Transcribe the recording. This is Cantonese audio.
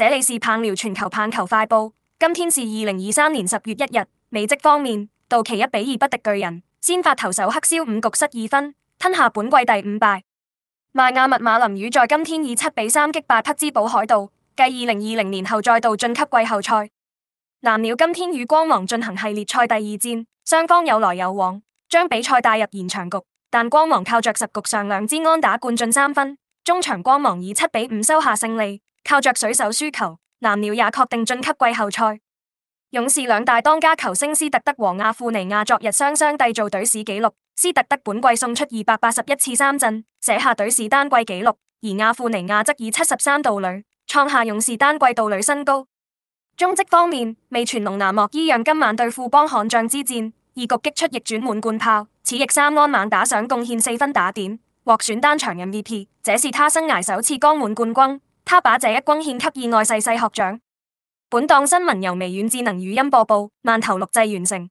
這裡是棒聊全球棒球快報，今天是二零二三年十月一日。美職方面，道奇一比二不敵巨人，先發投手黑消五局失二分，吞下本季第五敗。邁阿密馬林魚在今天以七比三擊敗匹茲堡海盜，繼二零二零年後再度晉級季後賽。藍鳥今天與光芒進行系列賽第二戰，雙方有來有往，將比賽帶入延長局，但光芒靠着十局上兩支安打灌進三分，中場光芒以七比五收下勝利。靠着水手輸球，藍鳥也確定晉級季後賽。勇士兩大當家球星斯特德和亞富尼亞昨日雙雙締造隊史紀錄。斯特德本季送出二百八十一次三振，寫下隊史單季紀錄；而亞富尼亞則以七十三盜壘創下勇士單季盜壘新高。中職方面，味全龍拿莫伊漾今晚對富邦悍將之戰，二局擊出逆轉滿貫炮，此役三安猛打賞貢獻四分打點，獲選單場 MVP，這是他生涯首次轟滿貫。他把這一轟獻給意外逝世學長。本檔新聞由微軟智能語音播報，饅頭錄製完成。